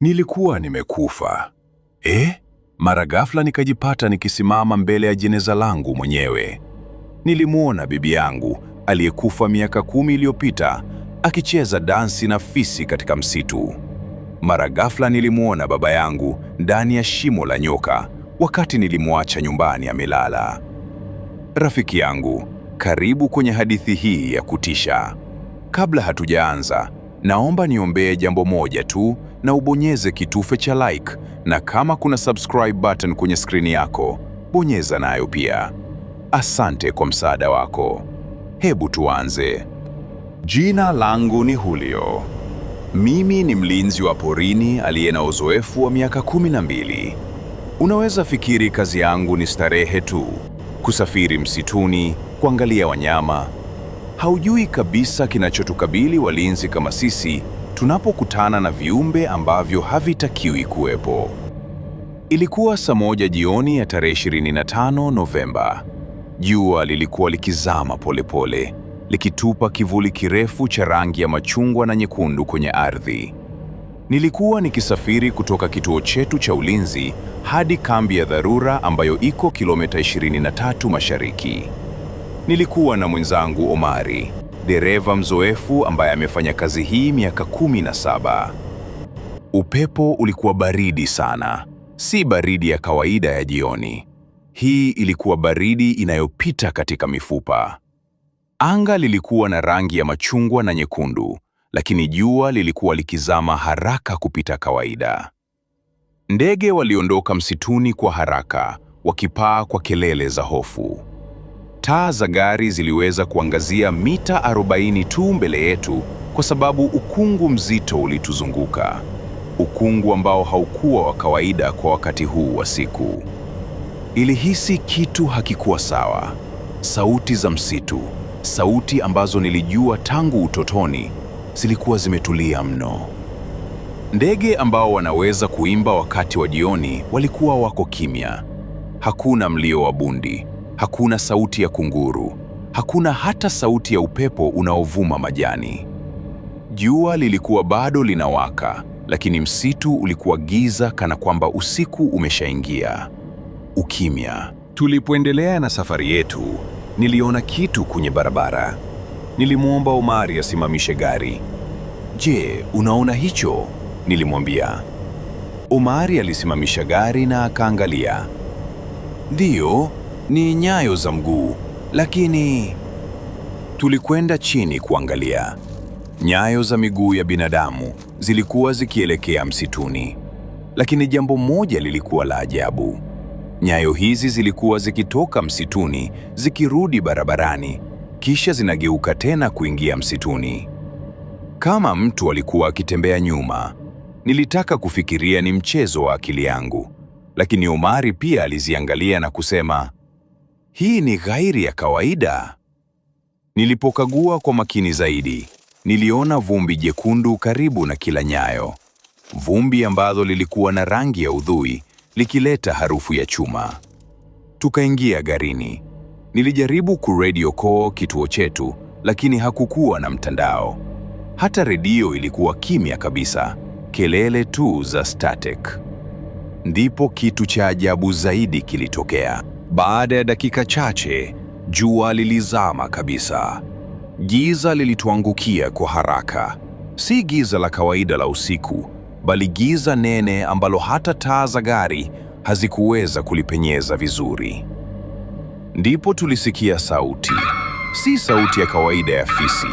Nilikuwa nimekufa. Eh? Mara ghafla nikajipata nikisimama mbele ya jeneza langu mwenyewe. Nilimwona bibi yangu aliyekufa miaka kumi iliyopita akicheza dansi na fisi katika msitu. Mara ghafla nilimwona baba yangu ndani ya shimo la nyoka wakati nilimwacha nyumbani amelala. Rafiki yangu, karibu kwenye hadithi hii ya kutisha. Kabla hatujaanza, naomba niombee jambo moja tu na ubonyeze kitufe cha like, na kama kuna subscribe button kwenye skrini yako bonyeza nayo pia. Asante kwa msaada wako. Hebu tuanze. Jina langu ni Julio. Mimi ni mlinzi wa porini aliye na uzoefu wa miaka kumi na mbili. Unaweza fikiri kazi yangu ni starehe tu, kusafiri msituni, kuangalia wanyama. Haujui kabisa kinachotukabili walinzi kama sisi tunapokutana na viumbe ambavyo havitakiwi kuwepo. Ilikuwa saa moja jioni ya tarehe 25 Novemba. Jua lilikuwa likizama polepole pole, likitupa kivuli kirefu cha rangi ya machungwa na nyekundu kwenye ardhi. Nilikuwa nikisafiri kutoka kituo chetu cha ulinzi hadi kambi ya dharura ambayo iko kilomita 23 mashariki. Nilikuwa na mwenzangu Omari dereva mzoefu ambaye amefanya kazi hii miaka kumi na saba. Upepo ulikuwa baridi sana, si baridi ya kawaida ya jioni. Hii ilikuwa baridi inayopita katika mifupa. Anga lilikuwa na rangi ya machungwa na nyekundu, lakini jua lilikuwa likizama haraka kupita kawaida. Ndege waliondoka msituni kwa haraka, wakipaa kwa kelele za hofu taa za gari ziliweza kuangazia mita 40 tu mbele yetu kwa sababu ukungu mzito ulituzunguka, ukungu ambao haukuwa wa kawaida kwa wakati huu wa siku. Ilihisi kitu hakikuwa sawa. Sauti za msitu, sauti ambazo nilijua tangu utotoni, zilikuwa zimetulia mno. Ndege ambao wanaweza kuimba wakati wa jioni walikuwa wako kimya. Hakuna mlio wa bundi, Hakuna sauti ya kunguru, hakuna hata sauti ya upepo unaovuma majani. Jua lilikuwa bado linawaka, lakini msitu ulikuwa giza kana kwamba usiku umeshaingia. Ukimya. Tulipoendelea na safari yetu, niliona kitu kwenye barabara. Nilimwomba Omari asimamishe gari. Je, unaona hicho? Nilimwambia. Omari alisimamisha gari na akaangalia. Ndiyo, ni nyayo za mguu, lakini tulikwenda chini kuangalia. Nyayo za miguu ya binadamu zilikuwa zikielekea msituni, lakini jambo moja lilikuwa la ajabu. Nyayo hizi zilikuwa zikitoka msituni zikirudi barabarani, kisha zinageuka tena kuingia msituni, kama mtu alikuwa akitembea nyuma. Nilitaka kufikiria ni mchezo wa akili yangu, lakini Omari pia aliziangalia na kusema, hii ni ghairi ya kawaida. Nilipokagua kwa makini zaidi, niliona vumbi jekundu karibu na kila nyayo, vumbi ambalo lilikuwa na rangi ya udhui likileta harufu ya chuma. Tukaingia garini. Nilijaribu radio call kituo chetu, lakini hakukuwa na mtandao. Hata redio ilikuwa kimya kabisa, kelele tu za static. Ndipo kitu cha ajabu zaidi kilitokea. Baada ya dakika chache, jua lilizama kabisa. Giza lilituangukia kwa haraka. Si giza la kawaida la usiku, bali giza nene ambalo hata taa za gari hazikuweza kulipenyeza vizuri. Ndipo tulisikia sauti. Si sauti ya kawaida ya fisi.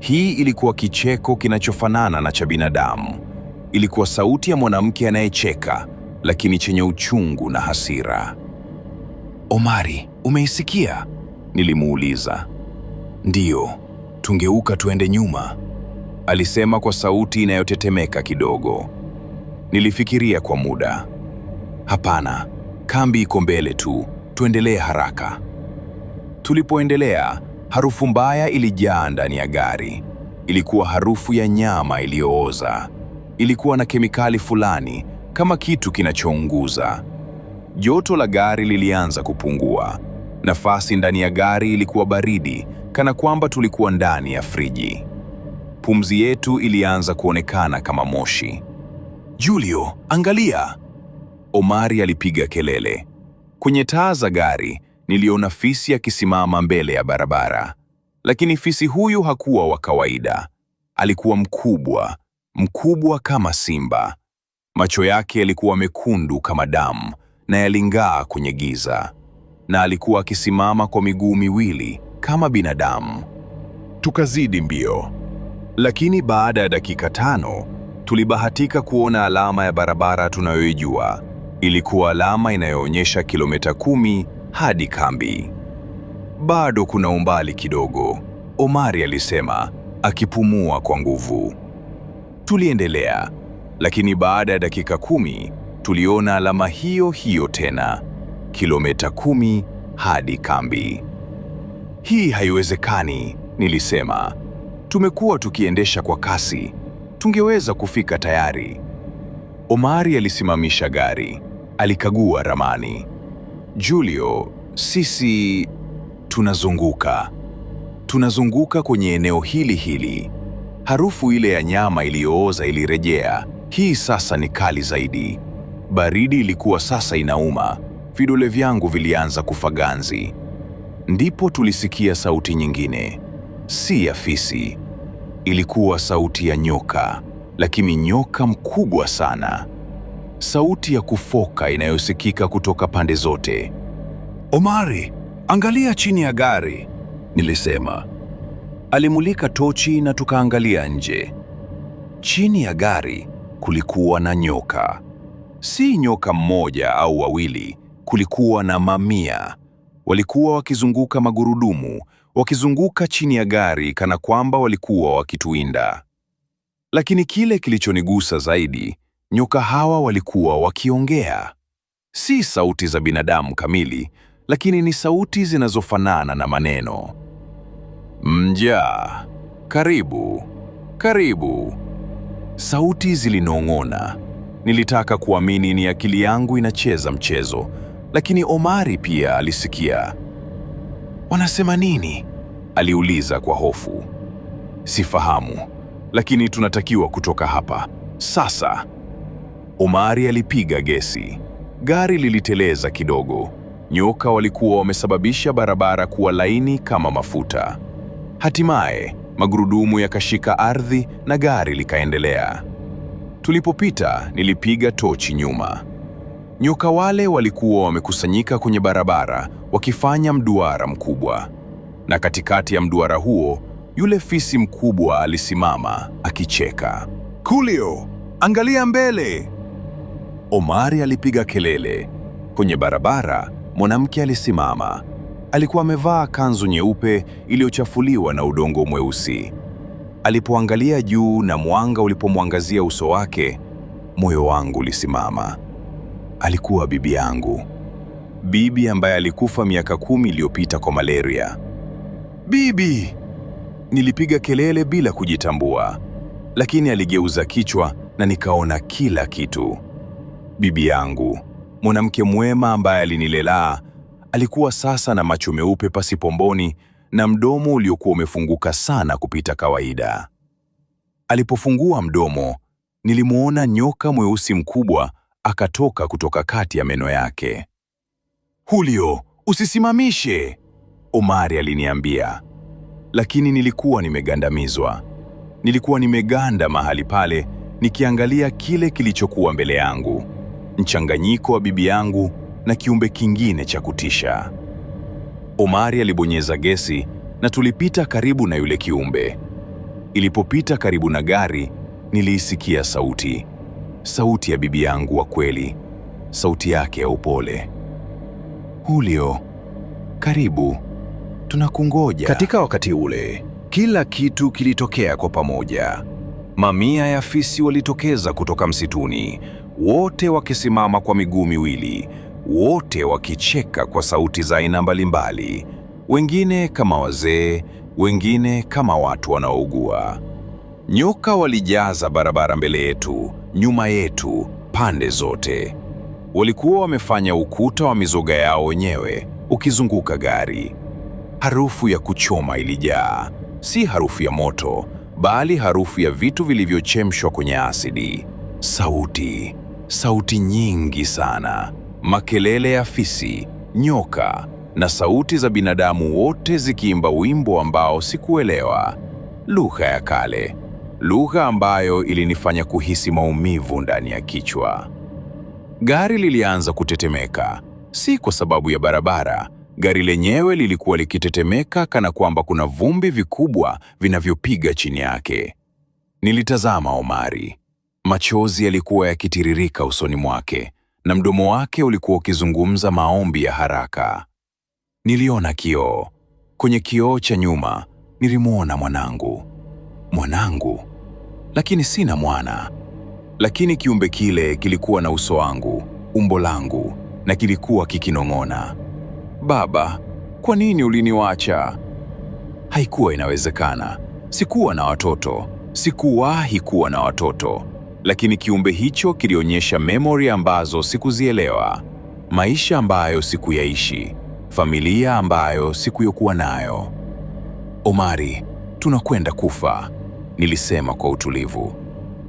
Hii ilikuwa kicheko kinachofanana na cha binadamu. Ilikuwa sauti ya mwanamke anayecheka, lakini chenye uchungu na hasira. Omari, umeisikia? Nilimuuliza. Ndiyo, tungeuka tuende nyuma, alisema kwa sauti inayotetemeka kidogo. Nilifikiria kwa muda. Hapana, kambi iko mbele tu, tuendelee haraka. Tulipoendelea, harufu mbaya ilijaa ndani ya gari. Ilikuwa harufu ya nyama iliyooza. Ilikuwa na kemikali fulani, kama kitu kinachounguza. Joto la gari lilianza kupungua. Nafasi ndani ya gari ilikuwa baridi, kana kwamba tulikuwa ndani ya friji. Pumzi yetu ilianza kuonekana kama moshi. Julio, angalia! Omari alipiga kelele. Kwenye taa za gari niliona fisi akisimama mbele ya barabara, lakini fisi huyu hakuwa wa kawaida. Alikuwa mkubwa, mkubwa kama simba. Macho yake yalikuwa mekundu kama damu na yaling'aa kwenye giza, na alikuwa akisimama kwa miguu miwili kama binadamu. Tukazidi mbio, lakini baada ya dakika tano tulibahatika kuona alama ya barabara tunayoijua. Ilikuwa alama inayoonyesha kilomita kumi hadi kambi. Bado kuna umbali kidogo, Omari alisema akipumua kwa nguvu. Tuliendelea, lakini baada ya dakika kumi tuliona alama hiyo hiyo tena, kilomita kumi hadi kambi. Hii haiwezekani, nilisema. Tumekuwa tukiendesha kwa kasi, tungeweza kufika tayari. Omari alisimamisha gari, alikagua ramani. Julio, sisi tunazunguka, tunazunguka kwenye eneo hili hili. Harufu ile ya nyama iliyooza ilirejea. Hii sasa ni kali zaidi. Baridi ilikuwa sasa inauma, vidole vyangu vilianza kufaganzi. Ndipo tulisikia sauti nyingine, si ya fisi. Ilikuwa sauti ya nyoka, lakini nyoka mkubwa sana, sauti ya kufoka inayosikika kutoka pande zote. Omari, angalia chini ya gari, nilisema. Alimulika tochi na tukaangalia nje. Chini ya gari kulikuwa na nyoka Si nyoka mmoja au wawili, kulikuwa na mamia. Walikuwa wakizunguka magurudumu, wakizunguka chini ya gari kana kwamba walikuwa wakituinda. Lakini kile kilichonigusa zaidi, nyoka hawa walikuwa wakiongea. Si sauti za binadamu kamili, lakini ni sauti zinazofanana na maneno. Mjaa, karibu, karibu. Sauti zilinong'ona. Nilitaka kuamini ni akili yangu inacheza mchezo, lakini Omari pia alisikia. Wanasema nini? aliuliza kwa hofu. Sifahamu, lakini tunatakiwa kutoka hapa sasa. Omari alipiga gesi. Gari liliteleza kidogo. Nyoka walikuwa wamesababisha barabara kuwa laini kama mafuta. Hatimaye magurudumu yakashika ardhi na gari likaendelea. Tulipopita nilipiga tochi nyuma. Nyoka wale walikuwa wamekusanyika kwenye barabara wakifanya mduara mkubwa, na katikati ya mduara huo yule fisi mkubwa alisimama akicheka. kulio angalia mbele! Omari alipiga kelele. Kwenye barabara mwanamke alisimama. Alikuwa amevaa kanzu nyeupe iliyochafuliwa na udongo mweusi. Alipoangalia juu na mwanga ulipomwangazia uso wake, moyo wangu ulisimama. Alikuwa bibi yangu, bibi ambaye alikufa miaka kumi iliyopita kwa malaria. Bibi! Nilipiga kelele bila kujitambua, lakini aligeuza kichwa na nikaona kila kitu. Bibi yangu, mwanamke mwema ambaye alinilelaa, alikuwa sasa na macho meupe pasipomboni pomboni na mdomo uliokuwa umefunguka sana kupita kawaida. Alipofungua mdomo, nilimwona nyoka mweusi mkubwa akatoka kutoka kati ya meno yake. Julio, usisimamishe, Omari aliniambia, lakini nilikuwa nimegandamizwa. Nilikuwa nimeganda mahali pale nikiangalia kile kilichokuwa mbele yangu, mchanganyiko wa bibi yangu na kiumbe kingine cha kutisha. Omari alibonyeza gesi na tulipita karibu na yule kiumbe. Ilipopita karibu na gari, niliisikia sauti, sauti ya bibi yangu wa kweli, sauti yake ya upole. Julio, karibu, tunakungoja. Katika wakati ule, kila kitu kilitokea kwa pamoja. Mamia ya fisi walitokeza kutoka msituni, wote wakisimama kwa miguu miwili wote wakicheka kwa sauti za aina mbalimbali, wengine kama wazee, wengine kama watu wanaougua. Nyoka walijaza barabara mbele yetu, nyuma yetu, pande zote. Walikuwa wamefanya ukuta wa mizoga yao wenyewe ukizunguka gari. Harufu ya kuchoma ilijaa, si harufu ya moto, bali harufu ya vitu vilivyochemshwa kwenye asidi. Sauti, sauti nyingi sana, makelele ya fisi, nyoka na sauti za binadamu wote zikiimba wimbo ambao sikuelewa. Lugha ya kale, lugha ambayo ilinifanya kuhisi maumivu ndani ya kichwa. Gari lilianza kutetemeka, si kwa sababu ya barabara. Gari lenyewe lilikuwa likitetemeka kana kwamba kuna vumbi vikubwa vinavyopiga chini yake. Nilitazama Omari, machozi yalikuwa yakitiririka usoni mwake na mdomo wake ulikuwa ukizungumza maombi ya haraka. Niliona kioo. Kwenye kioo cha nyuma nilimwona mwanangu, mwanangu, lakini sina mwana. Lakini kiumbe kile kilikuwa na uso wangu, umbo langu, na kilikuwa kikinong'ona, baba, kwa nini uliniwacha? Haikuwa inawezekana. Sikuwa na watoto, sikuwahi kuwa na watoto lakini kiumbe hicho kilionyesha memori ambazo sikuzielewa, maisha ambayo sikuyaishi, familia ambayo sikuyokuwa nayo. Omari, tunakwenda kufa, nilisema kwa utulivu.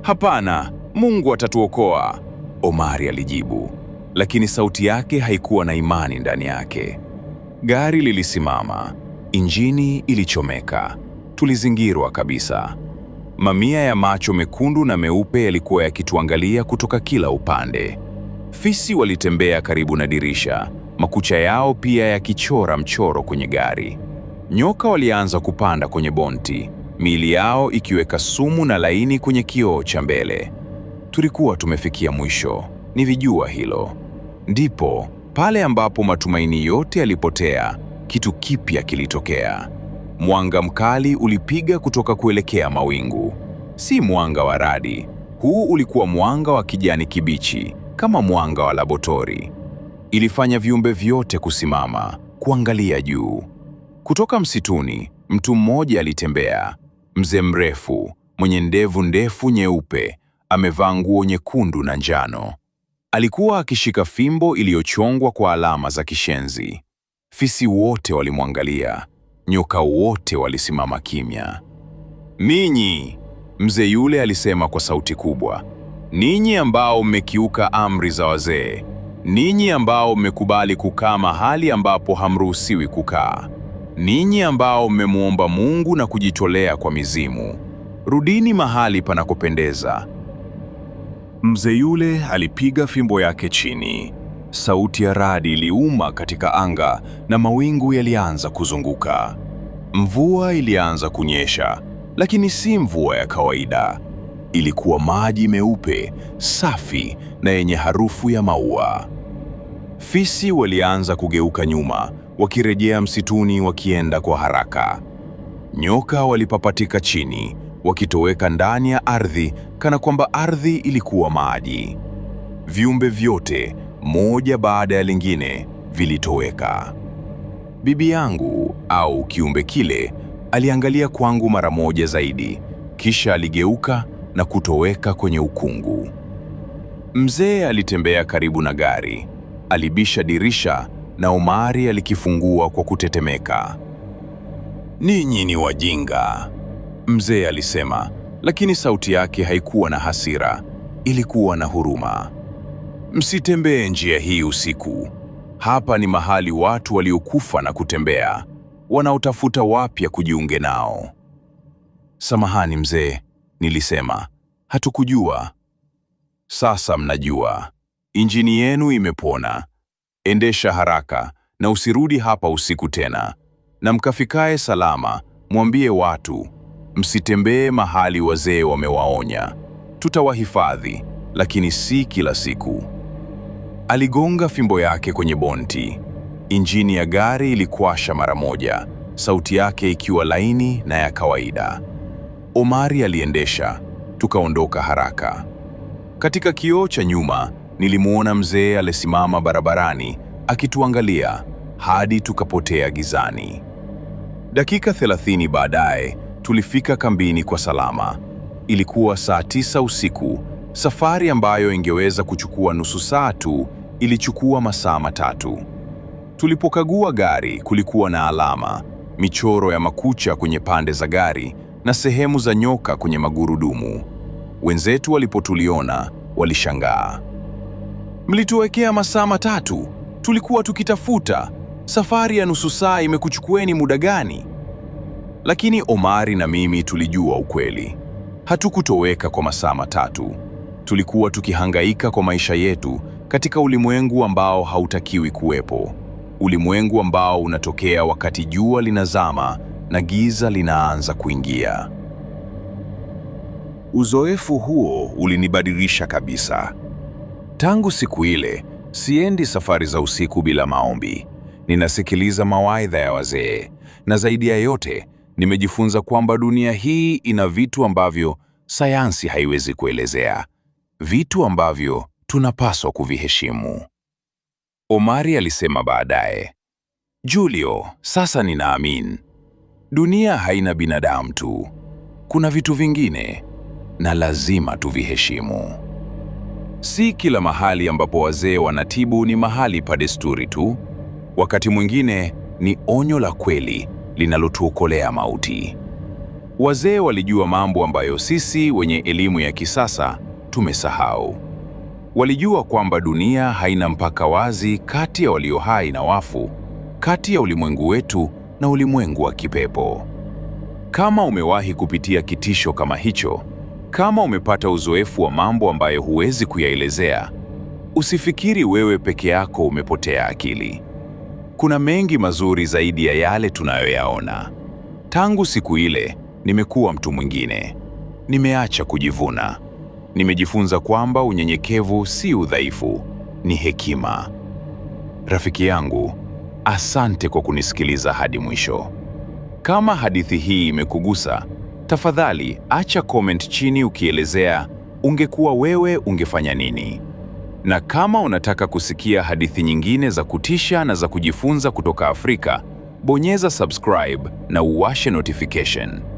Hapana, Mungu atatuokoa, Omari alijibu, lakini sauti yake haikuwa na imani ndani yake. Gari lilisimama, injini ilichomeka, tulizingirwa kabisa. Mamia ya macho mekundu na meupe yalikuwa yakituangalia kutoka kila upande. Fisi walitembea karibu na dirisha, makucha yao pia yakichora mchoro kwenye gari. Nyoka walianza kupanda kwenye bonti, miili yao ikiweka sumu na laini kwenye kioo cha mbele. Tulikuwa tumefikia mwisho, vijua hilo. Ndipo pale ambapo matumaini yote yalipotea, kitu kipya kilitokea. Mwanga mkali ulipiga kutoka kuelekea mawingu. Si mwanga wa radi, huu ulikuwa mwanga wa kijani kibichi, kama mwanga wa labotori. Ilifanya viumbe vyote kusimama, kuangalia juu. Kutoka msituni, mtu mmoja alitembea, mzee mrefu, mwenye ndevu ndefu nyeupe, amevaa nguo nyekundu na njano. Alikuwa akishika fimbo iliyochongwa kwa alama za kishenzi. Fisi wote walimwangalia. Nyoka wote walisimama kimya. Ninyi, mzee yule alisema kwa sauti kubwa, ninyi ambao mmekiuka amri za wazee, ninyi ambao mmekubali kukaa mahali ambapo hamruhusiwi kukaa, ninyi ambao mmemwomba Mungu na kujitolea kwa mizimu, rudini mahali panakopendeza. Mzee yule alipiga fimbo yake chini sauti ya radi iliuma katika anga na mawingu yalianza kuzunguka. Mvua ilianza kunyesha, lakini si mvua ya kawaida. Ilikuwa maji meupe, safi na yenye harufu ya maua. Fisi walianza kugeuka nyuma, wakirejea msituni wakienda kwa haraka. Nyoka walipapatika chini, wakitoweka ndani ya ardhi kana kwamba ardhi ilikuwa maji. Viumbe vyote moja baada ya lingine vilitoweka. Bibi yangu au kiumbe kile aliangalia kwangu mara moja zaidi, kisha aligeuka na kutoweka kwenye ukungu. Mzee alitembea karibu na gari, alibisha dirisha na Omari alikifungua kwa kutetemeka. Ninyi ni wajinga, mzee alisema, lakini sauti yake haikuwa na hasira, ilikuwa na huruma. Msitembee njia hii usiku. Hapa ni mahali watu waliokufa na kutembea wanaotafuta wapya kujiunge nao. Samahani mzee, nilisema. Hatukujua. Sasa mnajua. Injini yenu imepona. Endesha haraka na usirudi hapa usiku tena. Na mkafikae salama, mwambie watu msitembee mahali wazee wamewaonya. Tutawahifadhi, lakini si kila siku. Aligonga fimbo yake kwenye bonti. Injini ya gari ilikwasha mara moja, sauti yake ikiwa laini na ya kawaida. Omari aliendesha, tukaondoka haraka. Katika kioo cha nyuma nilimwona mzee alisimama barabarani akituangalia hadi tukapotea gizani. Dakika thelathini baadaye tulifika kambini kwa salama. Ilikuwa saa tisa usiku Safari ambayo ingeweza kuchukua nusu saa tu ilichukua masaa matatu. Tulipokagua gari, kulikuwa na alama, michoro ya makucha kwenye pande za gari na sehemu za nyoka kwenye magurudumu. Wenzetu walipotuliona walishangaa. Mlituwekea masaa matatu, tulikuwa tukitafuta. Safari ya nusu saa imekuchukueni muda gani? Lakini Omari na mimi tulijua ukweli. Hatukutoweka kwa masaa matatu. Tulikuwa tukihangaika kwa maisha yetu katika ulimwengu ambao hautakiwi kuwepo, ulimwengu ambao unatokea wakati jua linazama na giza linaanza kuingia. Uzoefu huo ulinibadilisha kabisa. Tangu siku ile siendi safari za usiku bila maombi. Ninasikiliza mawaidha ya wazee, na zaidi ya yote nimejifunza kwamba dunia hii ina vitu ambavyo sayansi haiwezi kuelezea, vitu ambavyo tunapaswa kuviheshimu. Omari alisema baadaye, Julio, sasa ninaamin dunia haina binadamu tu, kuna vitu vingine na lazima tuviheshimu. Si kila mahali ambapo wazee wanatibu ni mahali pa desturi tu, wakati mwingine ni onyo la kweli linalotuokolea mauti. Wazee walijua mambo ambayo sisi wenye elimu ya kisasa tumesahau. Walijua kwamba dunia haina mpaka wazi kati ya walio hai na wafu, kati ya ulimwengu wetu na ulimwengu wa kipepo. Kama umewahi kupitia kitisho kama hicho, kama umepata uzoefu wa mambo ambayo huwezi kuyaelezea, usifikiri wewe peke yako umepotea akili. Kuna mengi mazuri zaidi ya yale tunayoyaona. Tangu siku ile nimekuwa mtu mwingine, nimeacha kujivuna nimejifunza kwamba unyenyekevu si udhaifu, ni hekima. Rafiki yangu, asante kwa kunisikiliza hadi mwisho. Kama hadithi hii imekugusa, tafadhali acha comment chini ukielezea ungekuwa wewe ungefanya nini. Na kama unataka kusikia hadithi nyingine za kutisha na za kujifunza kutoka Afrika, bonyeza subscribe na uwashe notification.